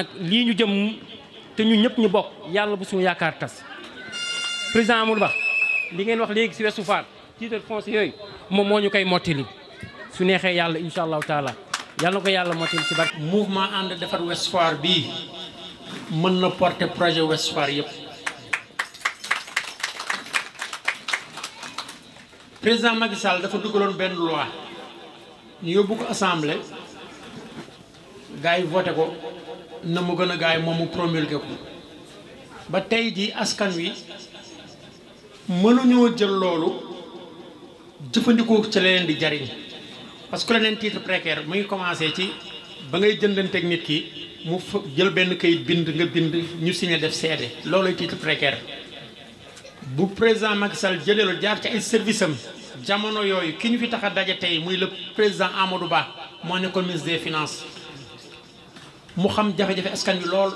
nag lii ñu jëm te ñu ñëpp ñu bokk yàlla bu suñu yaakaar tas président Amadou Ba li ngeen wax léegi si Ouest Foire titre foncier yooyu moom moo ñu koy mottali su neexee yàlla incha allahu taala yàlla na ko yàlla mottali si barke. ma ànd defar Ouest Foire bii mën na porter projet Ouest Foire yëpp. président Macky Sall dafa dugaloon benn loi ñu yóbbu ko assemblée gars yi voté ko. na mu gën a gaay moom mu promulgué ko ba tey jii askan wi mënuñoo jël loolu jëfandikoo ci leneen di jariñ parce que leneen titre précaire mu ngi commencé ci ba ngay jëndanteeg nit ki mu jël benn kayit bind nga bind ñu signé def seede loolay titre précaire bu président Macky Sall jëlee lu jaar ci ay service am jamono yooyu ki ñu fi tax a daje tey muy le président Amadou Ba moo nekkoon ministre des finance mu xam jafe-jafe askan bi lool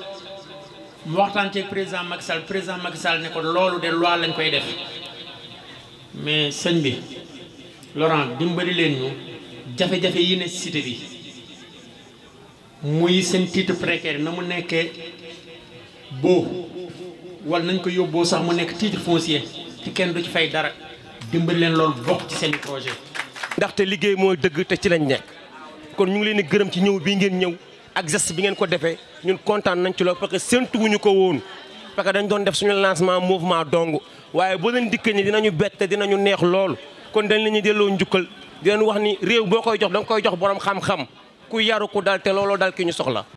mu waxtaan ceeg président Macky Sall président Macky Sall ne ko loolu de loi lañ koy def mais sëñ bi Laurent dimbali leen ñu jafe-jafe yi ne cité bi muy seen titre précaire na mu nekkee boo wala nañ ko yóbboo sax mu nekk titre foncier te kenn du ci fay dara dimbali leen loolu bokk ci seen projet. ndaxte liggéey moo dëgg te ci lañ nekk kon ñu ngi leen gërëm ci ñëw bi ngeen ñëw. ak geste bi ngeen ko defee ñun kontaan nañ ci loolu parce que séntuwuñu ko woon parce que dañ doon def suñu lancement mouvement dong waaye boo leen dikkee ni dinañu bett dinañu neex lool kon dañ la ñuy delloo njukkal di wax ni réew boo koy jox da nga koy jox borom xam-xam ku yaru ku dal te looloo dal ki ñu soxla